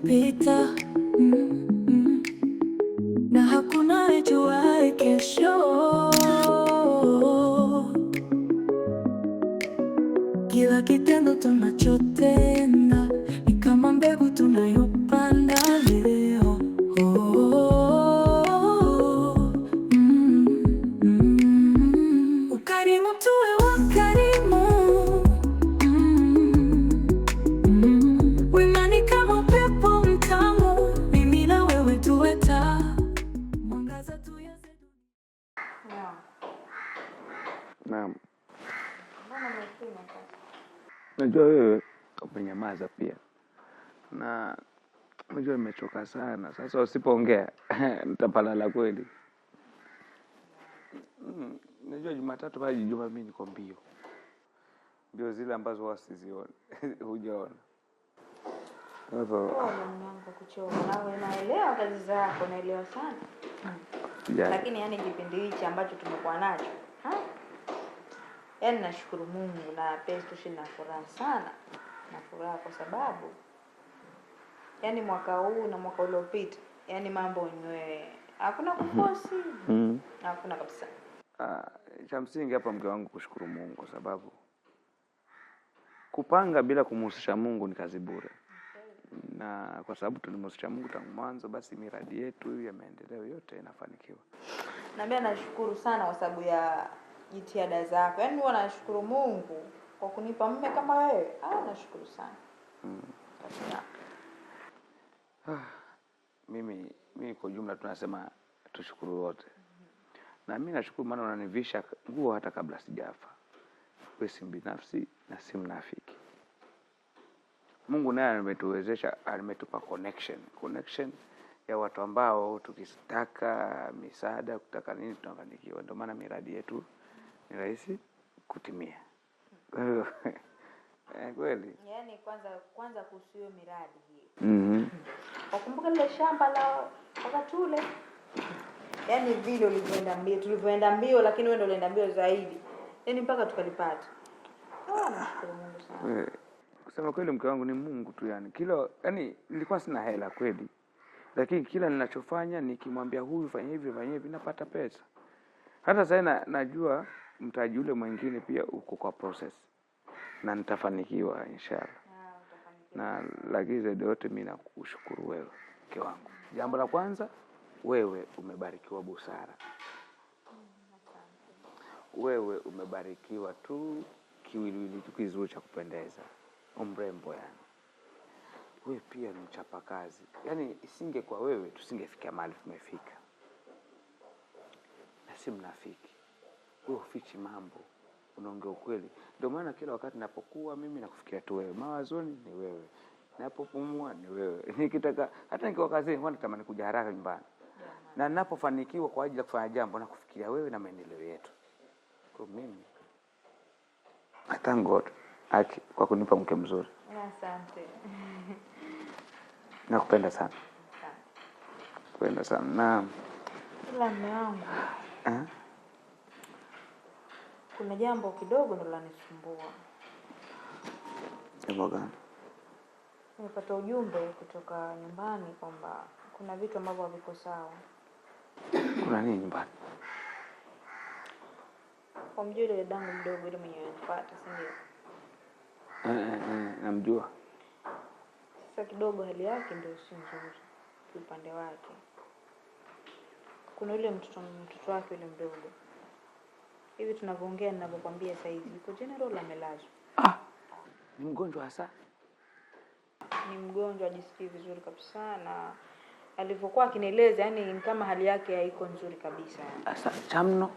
kupita mm. nimechoka sana, sasa usipoongea nitapalala kweli. Mm, najua Jumatatu hadi juma mimi niko mbio mbio zile ambazo wasiziona hujaona naelewa kazi zako, naelewa sana yeah. Lakini yani kipindi hichi ambacho tumekuwa nacho ha? Yani nashukuru Mungu na pesa na furaha sana na furaha kwa sababu yani mwaka huu na mwaka uliopita, yani mambo yenyewe hakuna mhm. kukosi, mm -hmm. kabisa. Uh, cha msingi hapa mke wangu kushukuru Mungu kwa sababu kupanga bila kumhusisha Mungu ni kazi bure, na kwa sababu tulimhusisha Mungu tangu mwanzo, basi miradi yetu ya maendeleo yote inafanikiwa. Na mimi nashukuru sana kwa sababu ya jitihada zako, yaani huwa nashukuru Mungu kwa kunipa mme kama wewe. Ah, nashukuru sana mm. Ah, mimi mimi kwa jumla tunasema tushukuru wote. Na mimi nashukuru maana unanivisha nguo hata kabla sijafa. Wewe si binafsi na si mnafiki. Mungu naye ametuwezesha, ametupa connection, connection ya watu ambao tukitaka misaada, kutaka nini tunafanikiwa. Ndio maana miradi yetu ni rahisi kutimia. Eh, kweli. Yaani kwanza kwanza kuhusu hiyo miradi hii. Mhm. Wakumbuka lile shamba la wakati ule. Yaani vile ulivyoenda mbio, tulivyoenda mbio lakini wewe ndio ulienda mbio zaidi. Yaani mpaka tukalipata. Ah, kusema kweli mke wangu ni Mungu tu yani. Kila yani nilikuwa sina hela kweli. Lakini kila ninachofanya nikimwambia huyu fanya hivi fanya hivi napata pesa. Hata sasa najua mtaji ule mwingine pia uko kwa process na nitafanikiwa inshallah. Na lakini zaidi yote mimi nakushukuru wewe mke wangu. Jambo la kwanza, wewe umebarikiwa busara, wewe umebarikiwa tu kiwiliwili tu kizuri cha kupendeza, umrembo yani. Wewe pia ni mchapakazi, yaani isinge kwa wewe tusingefikia mahali tumefika, na si mnafiki we ufichi mambo unaongea ukweli. Ndio maana kila wakati napokuwa mimi nakufikia tu wewe, mawazoni ni wewe, napopumua ni wewe, nikitaka hata nikiwa kazini huwa natamani kuja haraka nyumbani, na ninapofanikiwa kwa ajili ya kufanya jambo nakufikiria wewe na maendeleo yetu. Kwa mimi I thank God aki kwa kunipa mke mzuri. Asante. Nakupenda sana, kupenda sana na kila eh? kuna jambo kidogo ndo lanisumbua. Jambo gani? Nimepata ujumbe kutoka nyumbani kwamba kuna vitu ambavyo haviko sawa. Kuna nini nyumbani? mjua ile dadangu mdogo ile mwenye ananifuata, si ndio? Eh, eh, eh, namjua. Sasa kidogo hali yake ndio si nzuri upande wake. Kuna yule mtoto mtoto wake yule mdogo hivi tunavyoongea ninavyokwambia sasa hivi yuko general amelazwa. Ah, ni mgonjwa hasa? Ni mgonjwa, ajisikii vizuri kabisa, na alivyokuwa akinieleza, yani kama hali yake haiko nzuri kabisa. Sasa chamno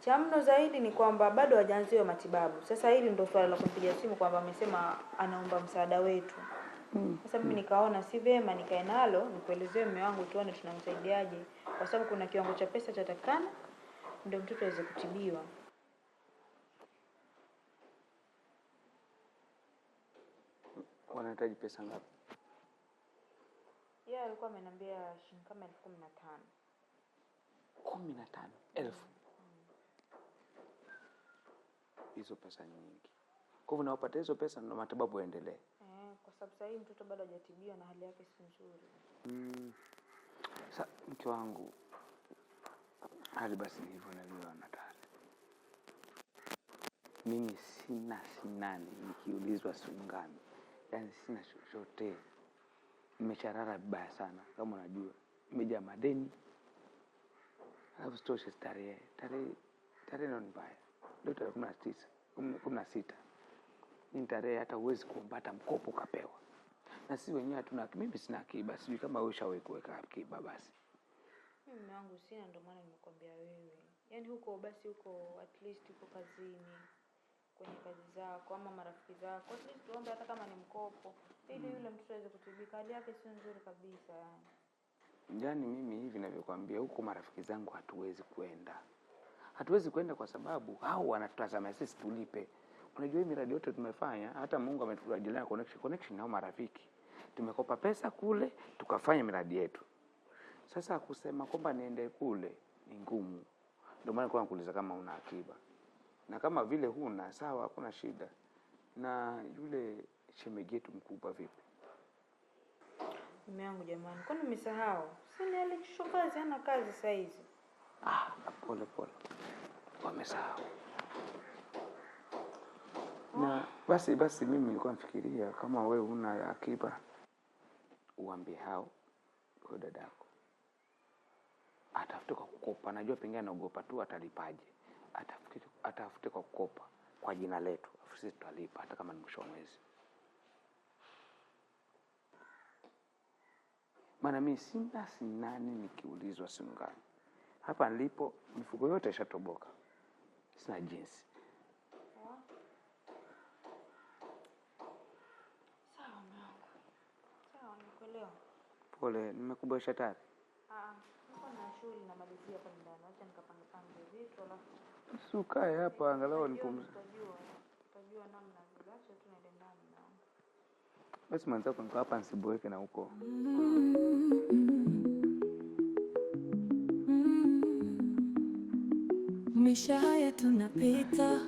chamno zaidi ni kwamba bado hajaanziwa matibabu. Sasa hili ndio swala la kumpigia simu kwamba amesema anaomba msaada wetu. Mm. Sasa mimi nikaona si vema nikae nalo nikuelezee mume wangu, tuone tunamsaidiaje, kwa sababu kuna kiwango cha pesa chatakana muda mtoto aweze kutibiwa. Wanahitaji pesa ngapi? Yeye alikuwa ameniambia shilingi kama elfu kumi na tano. Kumi na tano elfu hizo pesa pesa nyingi. Kwa hivyo nawapata hizo pesa na matibabu yaendelee eh, kwa sababu sasa hii mtoto bado hajatibiwa na hali yake si nzuri. Mm. Sa mke wangu Hali basi ndivyo navyoona dada, mimi sina sinani, nikiulizwa sungani yaani sina chochote. Nimecharara vibaya sana, kama unajua, nimejaa madeni, alafu sitoshe, tarehe tarehe ni mbaya, leo tarehe kumi na tisa kumi na sita ni tarehe hata huwezi kuombata mkopo ukapewa, na sisi wenyewe hatuna. Mimi sina akiba, sijui kama wewe ushawahi kuweka akiba basi mimi mume wangu sina, ndio maana nimekuambia wewe. Yaani huko basi, huko at least huko kazini, kwenye kazi zako ama marafiki zako, at least tuombe hata kama ni mkopo, ili yule mtoto aweze kutibika. Hali yake sio nzuri kabisa yani. Yaani mimi hivi ninavyokuambia, huko marafiki zangu hatuwezi kwenda, hatuwezi kwenda kwa sababu hao wanatutazama sisi tulipe. Unajua hii miradi yote tumefanya, hata Mungu ametujalia connection, connection na marafiki, tumekopa pesa kule tukafanya miradi yetu sasa kusema kwamba niende kule ni ngumu, ndio maana kwa kuuliza kama una akiba, na kama vile huna, sawa, hakuna shida. Na yule shemeji yetu mkubwa vipi? Mume wangu jamani, kwani umesahau? Sasa ile kazi, ana kazi saa hizi. Ah, pole pole, wamesahau na basi basi, mimi nilikuwa nafikiria kama wewe una akiba, uambie hao kwa dadako atafute kwa kukopa. Najua pengine anaogopa tu atalipaje, atafute, atafute kwa kukopa kwa jina letu, afu sisi tutalipa hata kama ni mwisho wa mwezi. Maana mimi sina sinani, nikiulizwa siungani hapa nilipo, mifugo yote ishatoboka, sina jinsi. Pole, nimekuboesha tayari. Ah, ah linamalizia si ukae hapa angalau nipumzike. Basi mwenzako niko hapa nisiboeke na huko. Misha haya tunapita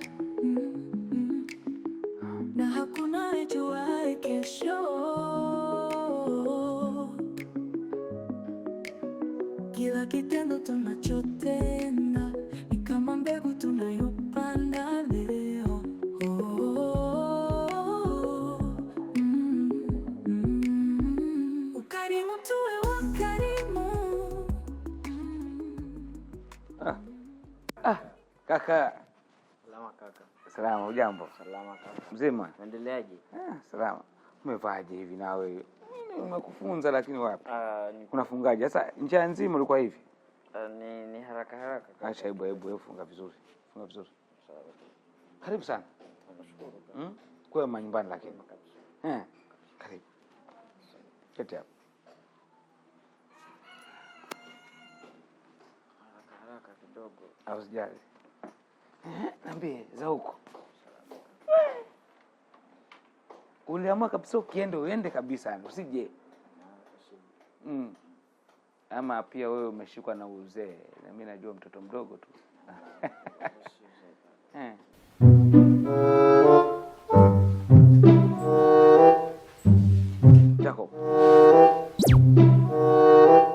Salama, ujambo? Salama kaka. Mzima? Unaendeleaje? Ah, salama. Umevaje hivi na wewe? Mimi nimekufunza lakini wapi? Ah, ni... unafungaje? Sasa njia nzima ulikuwa hivi? Ah, ni, ni haraka haraka kaka. Acha hebu hebu funga vizuri. Funga vizuri. Sawa. Karibu sana. Nashukuru kaka. Mm? Kwa manyumbani lakini. Eh. Karibu. Keti hapa. Haraka haraka kidogo. Ausijali. Eh, niambie za huko uliamua kabisa ukiende uende kabisa, usije mm. Ama pia wewe umeshikwa na uzee, na mimi najua mtoto mdogo tu eh.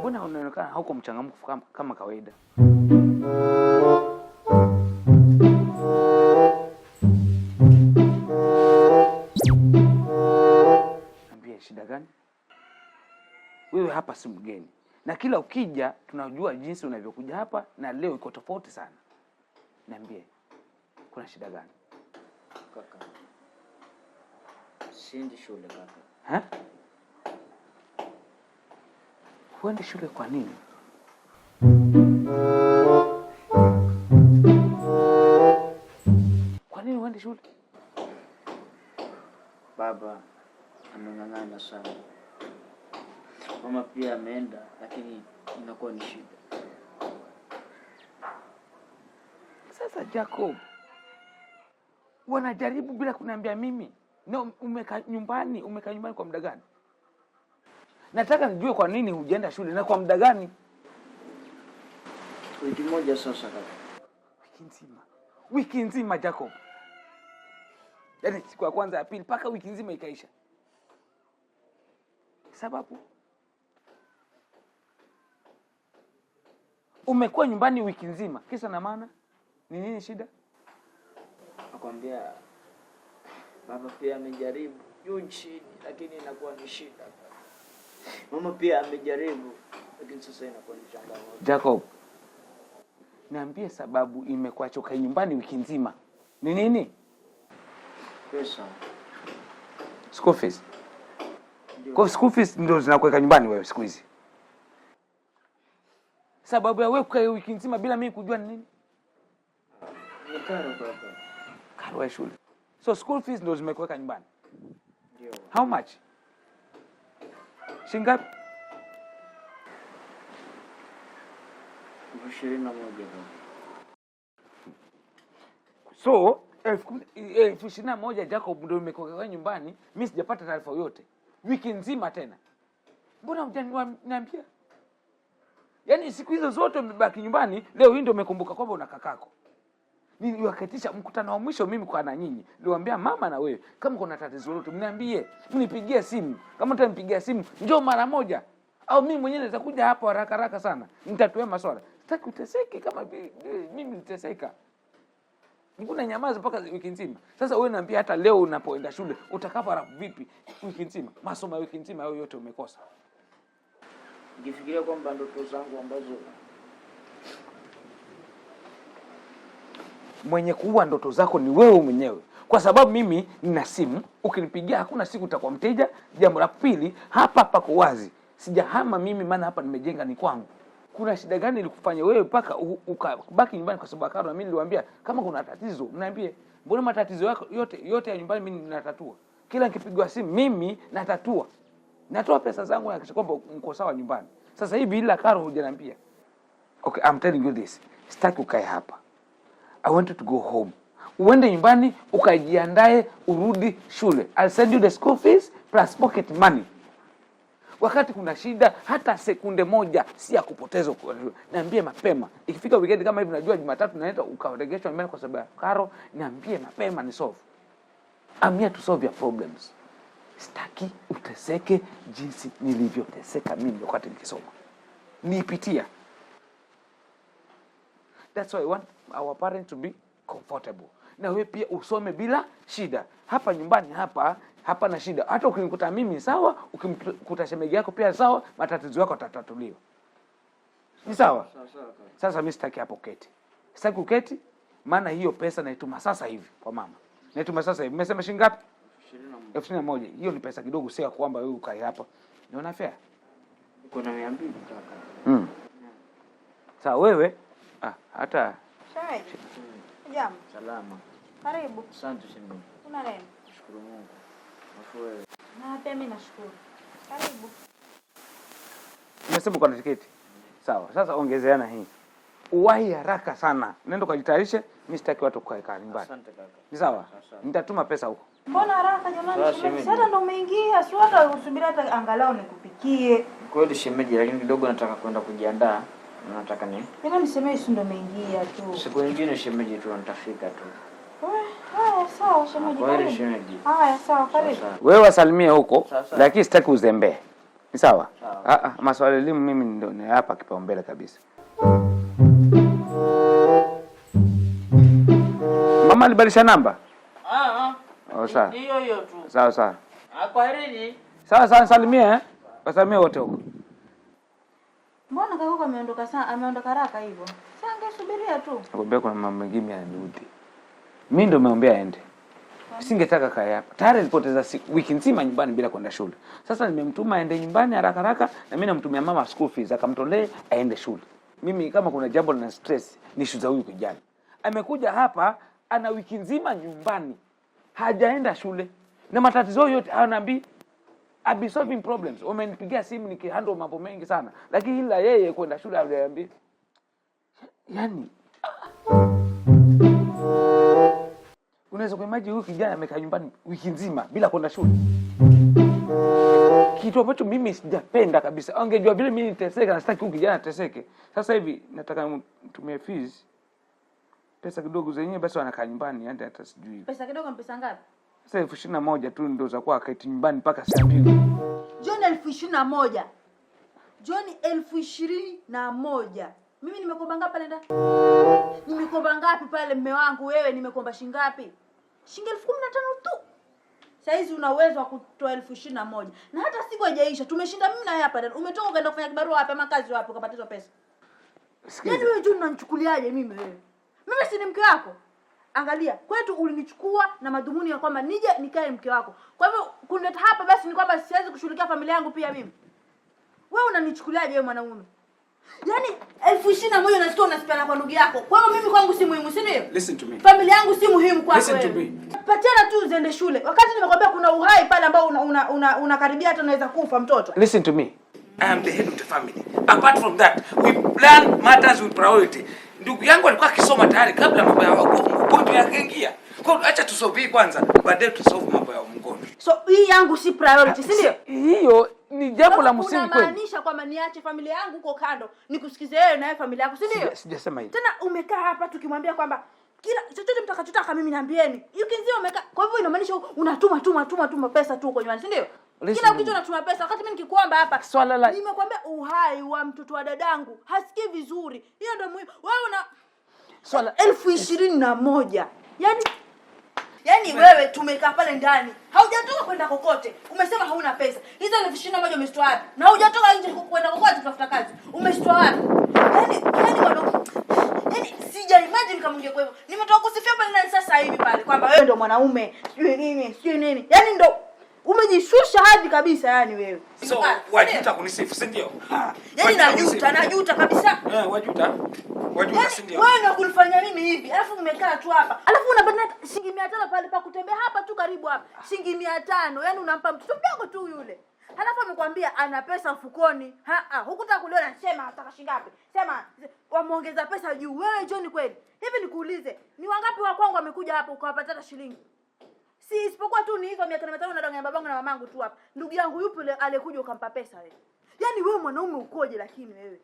mbona unaonekana hauko mchangamfu kama kawaida? hapa si mgeni, na kila ukija tunajua jinsi unavyokuja hapa, na leo iko tofauti sana. Niambie, kuna shida gani kaka? Siendi shule kaka. Huendi shule kwa nini? Kwa nini huendi shule? Baba ameng'ang'ana sana mama pia ameenda, lakini inakuwa ni shida sasa. Jacob, wanajaribu bila kuniambia mimi. Na umekaa nyumbani, umeka nyumbani kwa muda gani? Nataka nijue kwa nini hujaenda shule na kwa muda gani? Wiki moja sasa kaka. Wiki nzima, wiki nzima Jacob, yaani siku ya kwanza ya pili mpaka wiki nzima ikaisha, sababu umekuwa nyumbani wiki nzima, kisa na maana ni nini? Shida nakwambia mama pia amejaribu juu chini, lakini inakuwa ni shida. Mama pia amejaribu, lakini sasa inakuwa ni changamoto. Jacob, niambie sababu imekuacha ukae nyumbani wiki nzima ni nini? Pesa. School fees. Kwa school ndio zinakuweka nyumbani wewe siku hizi? Sababu ya wewe kukaa wiki nzima bila mimi kujua ni nini? Karo baba. Karo ya shule. So school fees ndio zimekuweka nyumbani. Ndio. How much? Shinga? Ishirini na moja. So elfu ishirini na moja Jacob ndio imekuweka nyumbani, mimi sijapata taarifa yoyote wiki nzima tena. Mbona hujaniambia? Yaani siku hizo zote umebaki nyumbani, leo hii ndio umekumbuka kwamba una kakako. Niliwakatisha mkutano wa mwisho mimi kwa na nyinyi. Niliwaambia mama na wewe, kama kuna tatizo lolote mniambie, mnipigie simu. Kama mtanipigia simu, njoo mara moja. Au mimi mwenyewe nitakuja hapo haraka haraka sana. Nitatuwe maswala. Sitaki uteseke kama mimi niteseka. Nikuna nyamaza mpaka wiki nzima. Sasa wewe naambia hata leo unapoenda shule utakapo vipi wiki nzima? Masomo ya wiki nzima yote umekosa nikifikiria kwamba ndoto zangu ambazo mwenye kuua ndoto zako ni wewe mwenyewe, kwa sababu mimi nina simu, ukinipigia hakuna siku utakuwa mteja. Jambo la pili, hapa pako wazi, sijahama mimi, maana hapa nimejenga, ni kwangu. Kuna shida gani ilikufanya wewe mpaka ukabaki nyumbani? Kwa sababu Akaro, mimi niliwaambia kama kuna tatizo mniambie, mbona matatizo yako yote yote ya nyumbani mimi ninatatua, kila nikipigwa simu mimi natatua natoa pesa zangu na kisha kwamba niko sawa nyumbani. Sasa hivi ila karo hujanambia Okay, I'm telling you this. Sitaki ukae hapa. I want you to go home. Uende nyumbani ukajiandae urudi shule. I'll send you the school fees plus pocket money. Wakati kuna shida hata sekunde moja si ya kupoteza. Niambie mapema. Ikifika weekend kama hivi, najua Jumatatu naenda ukaregeshwa nyumbani kwa sababu ya karo, niambie mapema ni solve. I'm here to solve your problems sitaki uteseke jinsi nilivyoteseka mimi wakati nikisoma, niipitia. That's why I want our parents to be comfortable. Na wewe pia usome bila shida. Hapa nyumbani hapa hapa na shida, hata ukimkuta mimi sawa, ukimkuta shemegi yako pia sawa, matatizo yako yatatatuliwa. Ni sawa. Sasa mimi sitaki hapo keti, sitaki uketi, maana hiyo pesa naituma sasa hivi kwa mama, naituma sasa hivi. Mmesema shilingi ngapi? elfu na moja hiyo ni pesa kidogo, sio kwamba wewe ukae hapa. Unaona fair? Uko na 200 kaka. Mm. Sasa wewe ah, hata Shahid. Jambo. Salama. Karibu. Asante Una Shukuru Mungu. wewe. Na pia mimi nashukuru. Karibu. na tiketi? Sawa. Sasa ongezeana hii. Uwahi haraka sana. Nenda ukajitayarishe. Mimi sitaki watu kukaa nyumbani. Ni sawa? Nitatuma pesa huko. Mbona haraka jamani? ndo umeingia, si hata usubiri hata angalau nikupikie. Kweli shemeji, lakini kidogo nataka kwenda kujiandaa. Nataka ni. Yaani nisemee si ndo umeingia tu. Siku nyingine shemeji tu nitafika tu. Eh, Wewe wasalimie huko, lakini sitaki uzembee. Ni sawa? Ah ah, elimu mimi ndo ni hapa kipaumbele kabisa. Mama alibadilisha namba. Sawa hiyo hiyo tu. Sawa ah, sawa. Akwaherini. Sawa sawa, salimie. Eh? Wasalimie wote huko. Mbona kaka huko ameondoka sana, ameondoka haraka hivyo? Sasa angesubiria tu. Nakwambia kuna mambo mengine yanarudi. Mimi ndio nimeombea aende. Singetaka kae hapa. Tayari alipoteza wiki nzima nyumbani bila kwenda shule. Sasa nimemtuma aende nyumbani haraka haraka na mimi namtumia mama school fees akamtolee aende shule. Mimi kama kuna jambo lina stress ni shuza huyu kijana. Amekuja hapa ana wiki nzima nyumbani hajaenda shule na matatizo yote anaambi abi solving problems. Umenipigia simu nikihandle mambo mengi sana, lakini ila yeye kwenda shule hajaambi. yani unaweza kuimagine huyu kijana amekaa nyumbani wiki nzima bila kwenda shule, kitu ambacho mimi sijapenda kabisa. Angejua vile mimi niteseke nasitaki huyu kijana ateseke. Sasa hivi nataka mtumie fees pesa kidogo zenyewe basi wanakaa nyumbani, yani hata sijui pesa kidogo ni pesa ngapi? Sasa elfu ishirini na moja tu ndio za kuwa akaiti nyumbani mpaka saa mbili. John, elfu ishirini na moja John, elfu ishirini na moja Mimi nimekomba ngapi pale ndani? Nimekomba ngapi pale mme wangu? Wewe nimekomba shingapi ngapi? Shilingi elfu kumi na tano tu. Saizi una uwezo wa kutoa elfu ishirini na moja na hata siku haijaisha, tumeshinda mimi na hapa ndani. Umetoka ukaenda kufanya kibarua hapa makazi wapi ukapata hizo pesa? Yaani wewe John unanichukuliaje mimi wewe? Mimi si ni mke wako? Angalia, kwetu ulinichukua na madhumuni ya kwamba nije nikae mke wako. Kwa hivyo kunileta hapa basi ni kwamba siwezi kushughulikia familia yangu pia mimi. Wewe unanichukuliaje wewe mwanaume? Yaani elfu ishirini na moja unasitoa unasipana kwa ndugu yako. Kwa hiyo mimi kwangu si muhimu, si ndio? Listen to me. Familia yangu si muhimu kwako wewe. Listen to me. Pachana tu ziende shule. Wakati nimekwambia kuna uhai pale ambao unakaribia una, una, una hata unaweza kufa mtoto. Listen to me. I am the head of the family. Apart from that, we plan matters with priority ndugu yangu alikuwa akisoma tayari kabla mambo ya ugonjwa yakaingia. Kwa hiyo acha tusolve kwanza, baadaye tusolve mambo ya mgonjwa. So hii yangu si priority, si ndio? Hiyo ni jambo la msingi kweli. Unamaanisha kwamba niache familia yangu huko kando, nikusikize wewe na familia yako, si ndio? Sijasema hivyo. Tena umekaa hapa tukimwambia kwamba kila chochote mtakachotaka mimi niambieni. Yukinzio umekaa. Kwa hivyo inamaanisha unatuma tuma tuma tuma pesa tu huko nyumbani, si ndio? kila kitu anatuma pesa, wakati mimi nikikuomba hapa swala la nimekwambia uhai wa mtoto wa dadangu hasikii vizuri. Hiyo ndio muhimu. Wewe una swala elfu ishirini na moja yani Yaani wewe tumekaa pale ndani. Haujatoka kwenda kokote. Umesema hauna pesa. Hizo elfu ishirini na moja umeshitoa wapi? Na hujatoka nje kwenda kokote kutafuta kazi. Umeshitoa wapi? Yaani yaani wadogo. Yaani sija imagine kama ungekuwa hivyo. Nimetoka kusifia pale ndani sasa hivi pale kwamba wewe ndio mwanaume. Sijui nini, sijui nini. yani ndio umejishusha hadhi kabisa yani wewe. So wajuta kunisifu, si ndio? Yaani najuta, najuta kabisa. Eh, wajuta. Wajuta si ndio? Wewe unakulifanya mimi hivi? Alafu mmekaa tu hapa. Alafu unabadilika shilingi 500 pale pa kutembea hapa tu karibu hapa. Shilingi 500. Yaani unampa mtoto mdogo tu yule. Halafu amekwambia ana pesa mfukoni. Ha ah, hukutaka kuliona sema nataka shilingi ngapi? Sema wameongeza pesa juu. Wewe John kweli. Hivi nikuulize, ni wangapi wa kwangu wamekuja hapa ukawapata shilingi? si isipokuwa tu ni hizo miaka mitano na babangu na mamangu tu hapa. Ndugu yangu yupo yule alikuja ukampa pesa wewe. Yaani wewe mwanaume ukoje lakini wewe?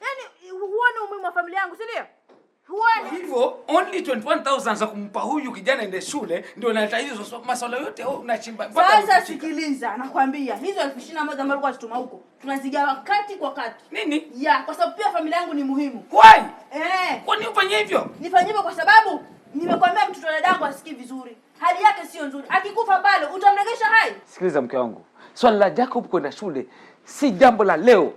Yaani huone umuhimu wa familia yangu, si ndio? Huone. Hivyo only 21000 za kumpa huyu kijana ende shule ndio naleta hizo masuala yote au unachimba. Sasa sikiliza, nakwambia hizo 2021 ambazo alikuwa tutuma huko tunazigawa kati kwa kati. Nini? Ya, kwa sababu pia familia yangu ni muhimu. Kwani? Eh. Kwani ufanye hivyo? Nifanye hivyo kwa sababu nimekwambia mtoto wa dadangu asikii vizuri hali yake sio nzuri, akikufa pale utamregesha hai? Sikiliza mke wangu, swala la Jacob kwenda shule si jambo la leo.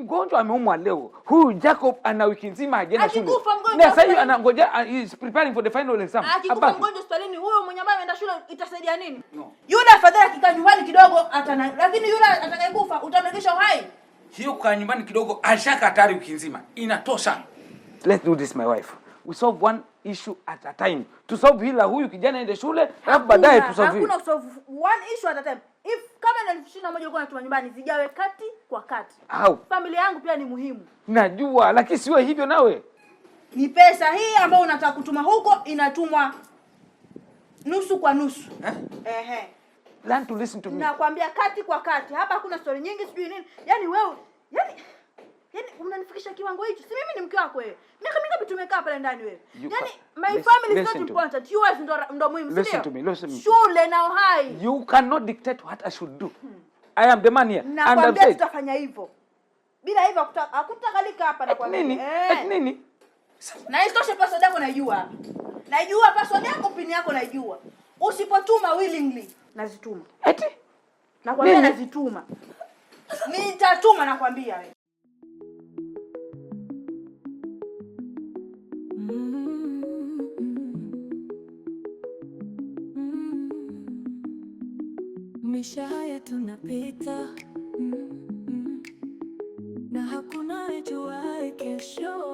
Mgonjwa ameumwa leo, huyu Jacob ana wiki nzima hajaenda shule. na sasa hivi anangoja, ah, is preparing for the final exam. Akikufa mgonjwa hospitalini, huyo mwenye ambaye ameenda shule itasaidia nini? No. Yule afadhali akikaa nyumbani kidogo atana, lakini yule atakayekufa utamregesha hai? Hiyo kwa nyumbani kidogo, ashaka hatari wiki nzima, inatosha. Let's do this my wife we solve one issue at a time. To solve hila huyu kijana aende shule, alafu baadaye tusolve. Hakuna solve one issue at a time. If kama elfu ishirini na moja ulikuwa unatuma nyumbani, zigawe kati kwa kati. Au familia yangu pia ni muhimu, najua, lakini siwe hivyo. Nawe ni pesa hii ambayo unataka kutuma huko, inatumwa nusu kwa nusu eh? Ehe. Learn to listen to me. Nakwambia kati kwa kati, hapa hakuna story nyingi, sijui nini. Yaani wewe, yaani Yaani unanifikisha kiwango hicho? Si mimi ni mke wako wewe. Miaka mingapi tumekaa pale ndani wewe? Yaani my listen, family is not important. You are ndo ndo muhimu, sio? Listen to me. Listen to me. Shule na uhai. You cannot dictate what I should do. Hmm. I am the man here. Na and I'm saying tutafanya hivyo. Bila hivyo hakutakalika hapa na kwa nini? Eh. Nini? Na isitoshe password yako najua. Najua password yako, pin yako najua. Usipotuma willingly nazituma. Eti? Nakwambia nazituma. Nitatuma nakwambia wewe. maisha haya tunapita, mm -mm. Na hakuna ajuaye kesho